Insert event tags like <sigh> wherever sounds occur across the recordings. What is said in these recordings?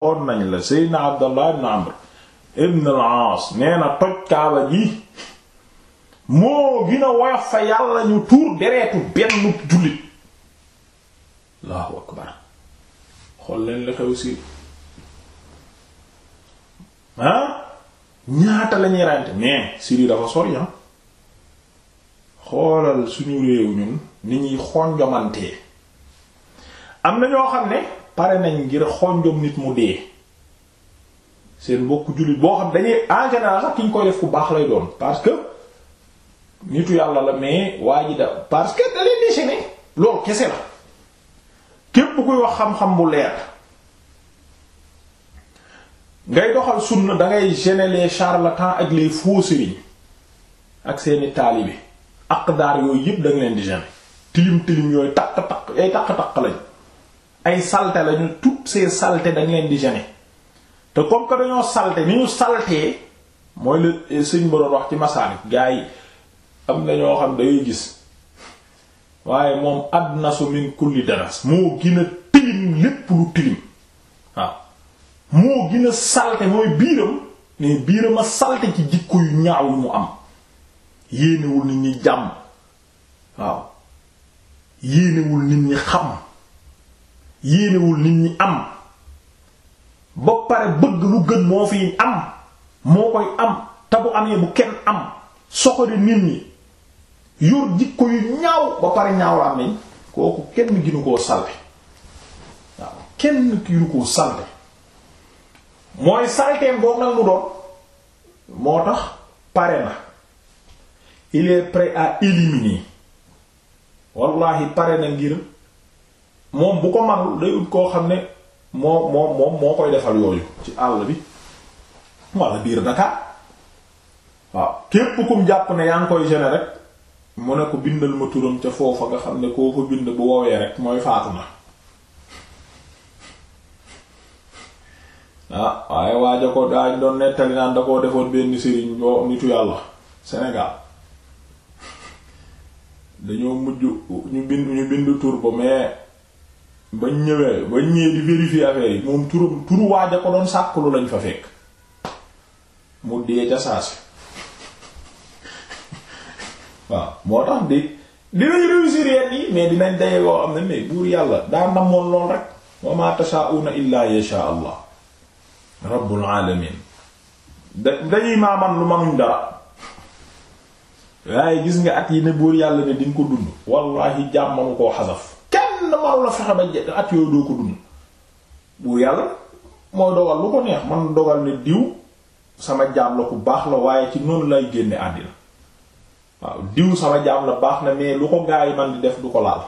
oon nañ la seydna nee na toj kaaba gi moo gën fa yàlla ñu tuur si ñaata lañuy ràññee mais Syrie dafa sori ah xoolal suñu réew ñun ni ñuy xonjomantee am na ñoo xam ne pare nañ ngir xonjom nit mu dee seen mbokk jullit boo xam dañuy en général sax ki ñu koy def ku baax lay doon parce que nitu yàlla la mais waa ji da parce que da leen déchaîné loolu kese la képp kuy wax xam-xam bu leer ngay doxal sunna dangay gêner ak les faux sëriñ ak seeni taalibe aqdaar yooyu yëpp danga leen di gêner tilim tilim yooyu takk takk ay takk takk lañ ay salte lañu toutes ces saletés dañ leen di gêner te comme que dañoo saleté ni ñu saletee mooy le euh, sëñ ba wax ci masaalik gaa yi am na ñoo xam dangay gis waaye moom su min kulli danas moo gën a tilim lépp lu tilim waaw moo gën a salte mooy biiram ne biiram a salte ci jikko yu ñaaw yu mu am yéenewul nit ñi jàmm waaw yéenewul nit ñi xam yéenewul nit ñi am ba pare bëgg lu gën moo fi am moo koy am te bu amee bu kenn am soxori nit ñi yor jikko yu ñaaw ba pare ñaaw la am kooku kenn ginu koo salbe waaw kenn ginu koo salbe mooy salteem boobu nag mu doon moo tax pare na il est prêt à wallahi pare na ngir moom bu ko manul day ut koo xam ne moo moo moom moo koy defal yooyu ci àll bi walla biir Dakar waaw képp kum jàpp ne yaa ngi koy gêner rek mu ne ko bindal ma turam ca foofa nga xam ne koo fa bind bu woowee rek mooy faatu na ah waaye waaja ko daa doon nettali naan da koo defoon benn sëriñ dañoo mujj ñu bind ñu bind tur mais bañ ñëwee bañ ñëwee di vérifier affaire yi moom turu turu waaja ko doon sàkkulu lañ fa fekk mu dee ca saasi <laughs> waaw moo tax di dinañ réussir yenn yi mais dinañ daye yoo am na ne buur yàlla daa namoon lool rek wa ma tashaa'una illaa yasha allah rabbul alamin da dañuy maaman lu manuñ dara waaye gis nga at yi ne buur yàlla ne diñ ko dund wallahi jàmmamu koo xasaf manu la fexe ba at yooyu doo ko dund bu yàlla dogal lu ko neex sama jaam la baax la waaye ci noonu lay génne àddina waaw diw sama la baax na mais def du laal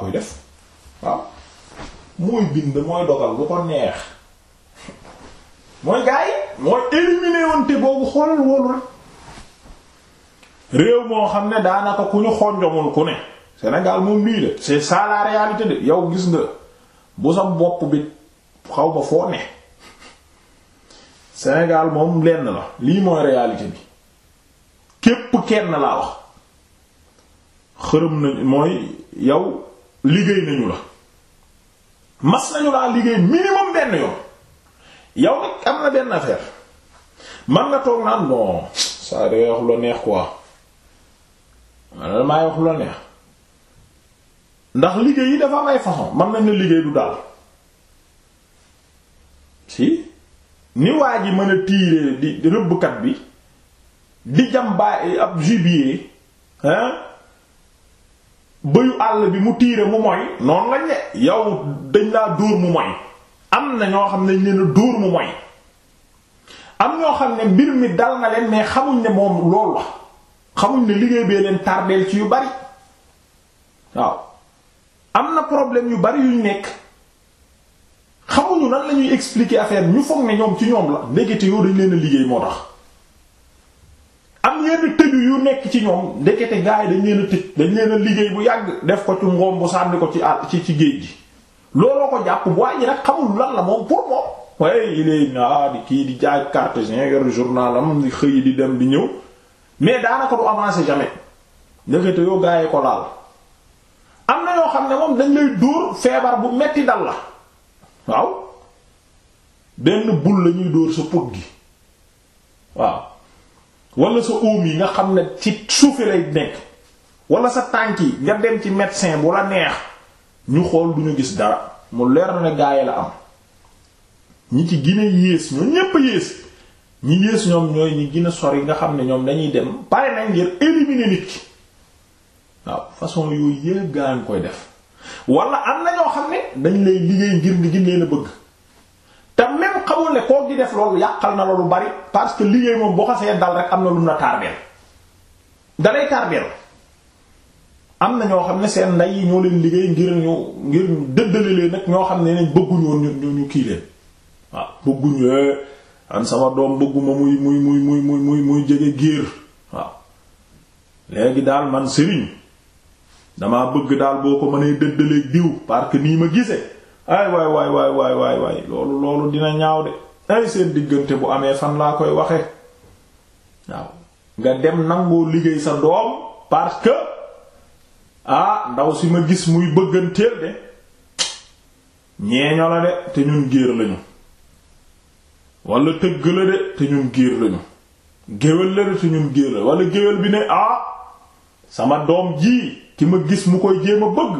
koy def waaw mooy bind mooy dogal neex <laughs> mooy gaa boobu xoolal woolu rek réew moo xam ne daanaka ku ñu xonjomul ku ne senegaal moom lii la c'est ça la réalité de yow gis nga bu sa bopp bi xaw ma foo ne Sénégal moom lenn la lii mooy réalité bi képp kenn laa wax xërëm nañu mooy yow liggéey nañu la mas nañu laa liggéey minimum benn yoon yow nag am na benn affaire man nga toog naan non ça day wax lu neex quoi man la maay wax lu neex. ndax liggéey yi dafa am façon mën nañ ne liggéey du daal si ni waa ji mën a tiire di rëbbkat bi di jam baay ab gibier hein bëyu àll bi mu tiire mu moy noonu lañ ne yow dañ laa dóor mu moy am na ñoo xam ne ñu leen dóor am ñoo ne mbir mi dal na leen mais xamuñ ne moom loolu la xamuñ ne liggéey bee leen tardeel ci yu bari waaw am na problème yu bari yuñ nekk xamuñu nan la ñuy expliquer affaire ñu foog ne ñoom ci ñoom la ndekete yoo dañ leen liggéey moo tax am yenn tëju yu nekk ci ñoom ndekete gaay dañ leen a tëj dañ leen a liggéey bu yàgg def ko ci ngoom bu sànni ko ci ci ci géej gi looloo ko jàpp bu waaye nag xamul lan la moom pour moom waaye iléey na di kii di jaay cartésien yor journal am di xëy di dem di ñëw mais daanaka du avancer jamais ndekete yoo gaayee ko laal na ñoo xam ne moom dañ lay dóor feebar bu metti dal la waaw benn bul la ñuy dóor sa put gi waaw wala sa óom yi nga xam ne ci suufi lay nekk wala sa tànk yi nga dem ci médecin bu la neex ñu xool duñu gis dara mu leer na ne gaaye la am ñi ci gine yées ñoo ñépp yées ñi yées ñoom ñooy ñi gën a sori nga xam ne ñoom dañuy dem pare nañ ngir éliminer nit ki waaw façon yooyu yëpp gaa ngi koy def wala am na ñoo xam ne dañ lay liggéey ngir di def loolu yàqal na loolu bari parce que liggéey moom boo xasee dal am na lu na na ñoo xam ne seen ndey yi liggéey ngir ngir dëddale leen nag ñoo xam ne nañ bëgguñu woon ñu ñu kii leen waaw bëgguñu eh, am sama doom bëgguma muy muy muy muy muy muy muy jege géer waaw léegi daal man sëriñ damaa bëgg daal boo ko mënee dëddaleeg diw parce nii ma gise ay waay waay waay waay loolu loolu dina ñaaw de ay seen diggante bu amee fan laa koy waxe waaw nga dem nangoo liggéey sa doom parce que ah, ndaw si ma gis muy bëgganteel de ñeeño la de te ñun géer lañu wala tëgg la de te ñun géer lañu géwél la de te ñun géer la wala géwél bi ne ah sama doom ji ki ma gis mu koy jéem a bëgg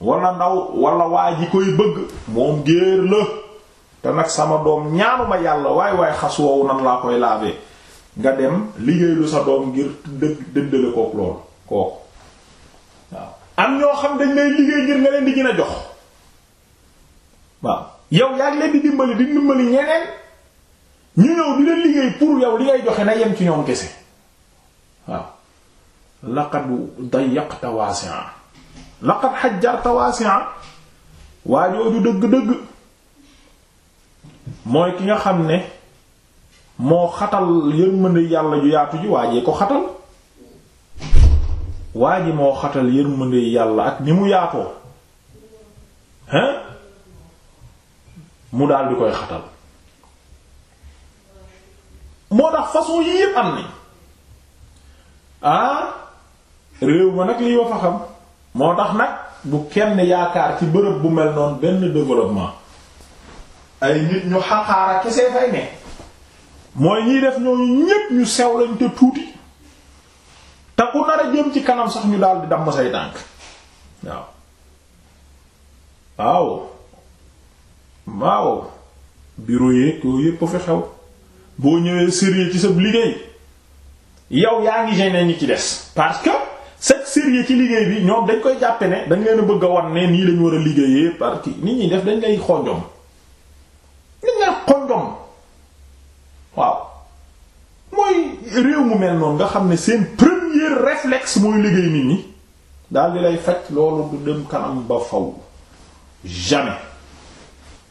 wala ndaw wala waa ji koy bëgg moom géer la te nag sama doom ma yàlla waaye waaye xas woowu nan laa koy laabee nga dem liggéey lu sa doom ngir dëddale kook loolu kooku waaw am ñoo xam dañ lay liggéey ngir nga leen di gin a jox waaw yow yaa ngi leen di dimbali di dimbali ñeneen ñu ñëw di leen liggéey pour yow li ngay joxe na yem ci ñoom kese laqad dayaqta waasi'a laqad xajjarta waasi'a waa jooju dëgg-dëgg mooy ki nga xam ne moo xatal yërmande yàlla ju yaatu ji waajee ko xatal waa moo xatal yërmande yàlla ak ni mu yaatoo hein mu daal di koy xatal moo tax façon yii yépp am ah réew ma nag lii wa fa xam moo tax nag bu kenn yaakaar ci bërëb bu mel noonu benn développement ay nit ñu xaqaara kese fay ne mooy ñiy def ñooñu ñépp ñu sew lañ te tuuti te ku nar a jëm ci kanam sax ñu daal di damm say tànk waaw waaw waaw bureau yeeg yooyu fi xew boo ñëwee sérieux ci sa liggéey yow yaa ngi gêner ñu ci des parce que c'est sérieux ci liggéey bi ñoom dañ koy jàppe ne dañ leen a bëgg a wan ne nii lañ war a liggéey parce que nit ñi def dañ lay xonjom dañ mu mel nga xam ne seen premier réflexe mooy liggéey nit ñi daal di lay faj loolu du dem kanam ba faw jamais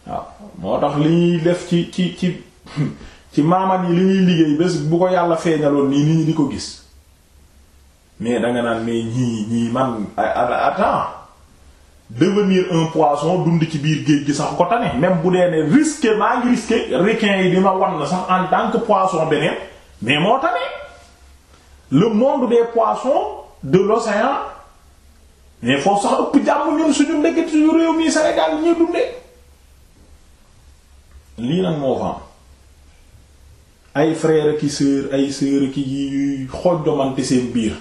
waaw moo tax li ñuy def ci ci ci <laughs> ci maaman yi li ñuy liggéey bés bu ko yàlla feeñaloon nii nit ñi di ko gis mais danga naan mais ñii ñii man attends devenir un poisson dund ci biir géej gi sax ko tane même bu dee ne risqué maa ngi risqué requin yi dina wan na sax en tant que poisson beneen mais moo tax le monde des poissons de l'océan mais foofu sax ëpp jàmm ñun suñu ndekk suñu réew mi Sénégal ñuy dundee lii nag moo fa am ay frères ak i sœurs ay sœurs ak i xojjomante seen biir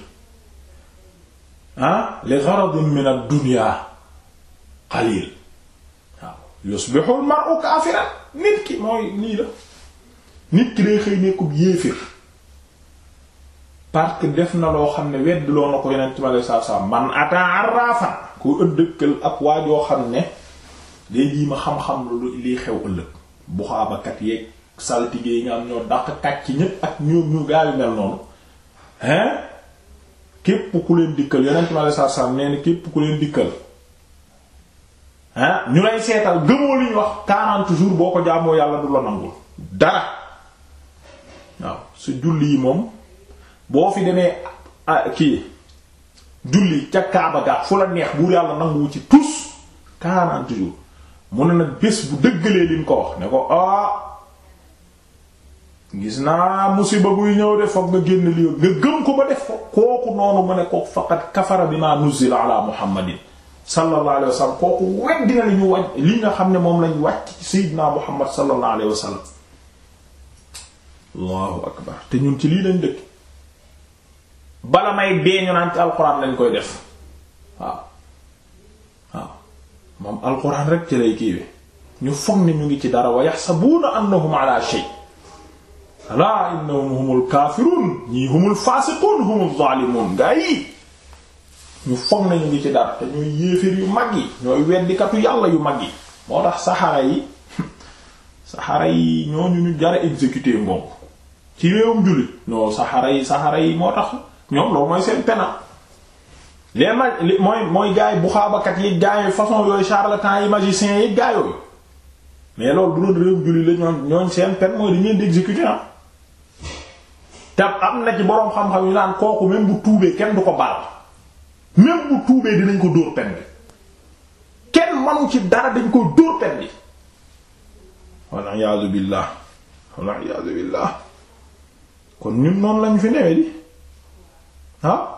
ah li gharadin min ad-dunya qalil waaw yusbihu al-mar'u kafiran nit ki mooy nii la nit ki day xëy nekkub yéefir parce def na loo xam ne wedd loo na ko yeneen ci ma saa saa man ata arrafan ku ëddëkkal ak waajoo xam ne day jii xam-xam lu lii xew ëllëg buxaabakat yeeg saltige yi nga ñoo daq kàcc ñépp ak ñoom ñu gaayu mel noonu hein képp ku leen dikkal yonent mi aleyhi salaatu salaam nee na képp ku leen dikkal ah ñu lay seetal gëmoo li ñu wax 40 toujours boo ko jaamoo yàlla du la nangul dara waaw su julli yi moom boo fi demee kii julli ca Kaaba ga fu la neex buur yàlla nanguwu ci tous 40 jours mu ne nag bés bu dëggalee li mu ko wax ne ko ah. gis naa musiba guy ñëw de foog nga génn li nga gëm ko ba def ko kooku noonu mu ne ko faqat kafara bima nuzila ala nga xam ne moom lañ wàcc ci sayyidina muhammad sallallahu alayhi wa sallam allahu akbar te ci lii lañ dëkk bala may lañ koy def waaw moom alquran rek ci lay kiiwe ñu foog ne ñu ngi ci dara wa yaxsabuuna annahum ala shay alaa innahum humul kaafiruun ñii humul faasiquun humul zaalimuun gaa yi ñu foog nañu ngi ci dara te ñooy yéeféer yu mag yi ñooy weddikatu yàlla yu mag yi moo tax saxaara yi <laughs> saxaara yi ñooñu ñu jara exécuté ci réewum jullit non saxaara yi moo tax ñoom loolu mooy seen pena les ma mooy mooy gaay bu yi gaay façon yooyu charlatans yi magiciens yi gaayooyu mais loolu bu doon réewum jullit la ñoom ñooñ seen pen mooy dañ di exécuté ah te am na ci boroom xam-xam yu naan kooku même bu tuubee kenn du ko baal même bu tuubee dinañ ko dóor pen bi kenn manu ci dara dañ ko dóor pen bi walla iyaazu billaah walla iyaazu billaah kon ñun noonu lañ fi newee di ah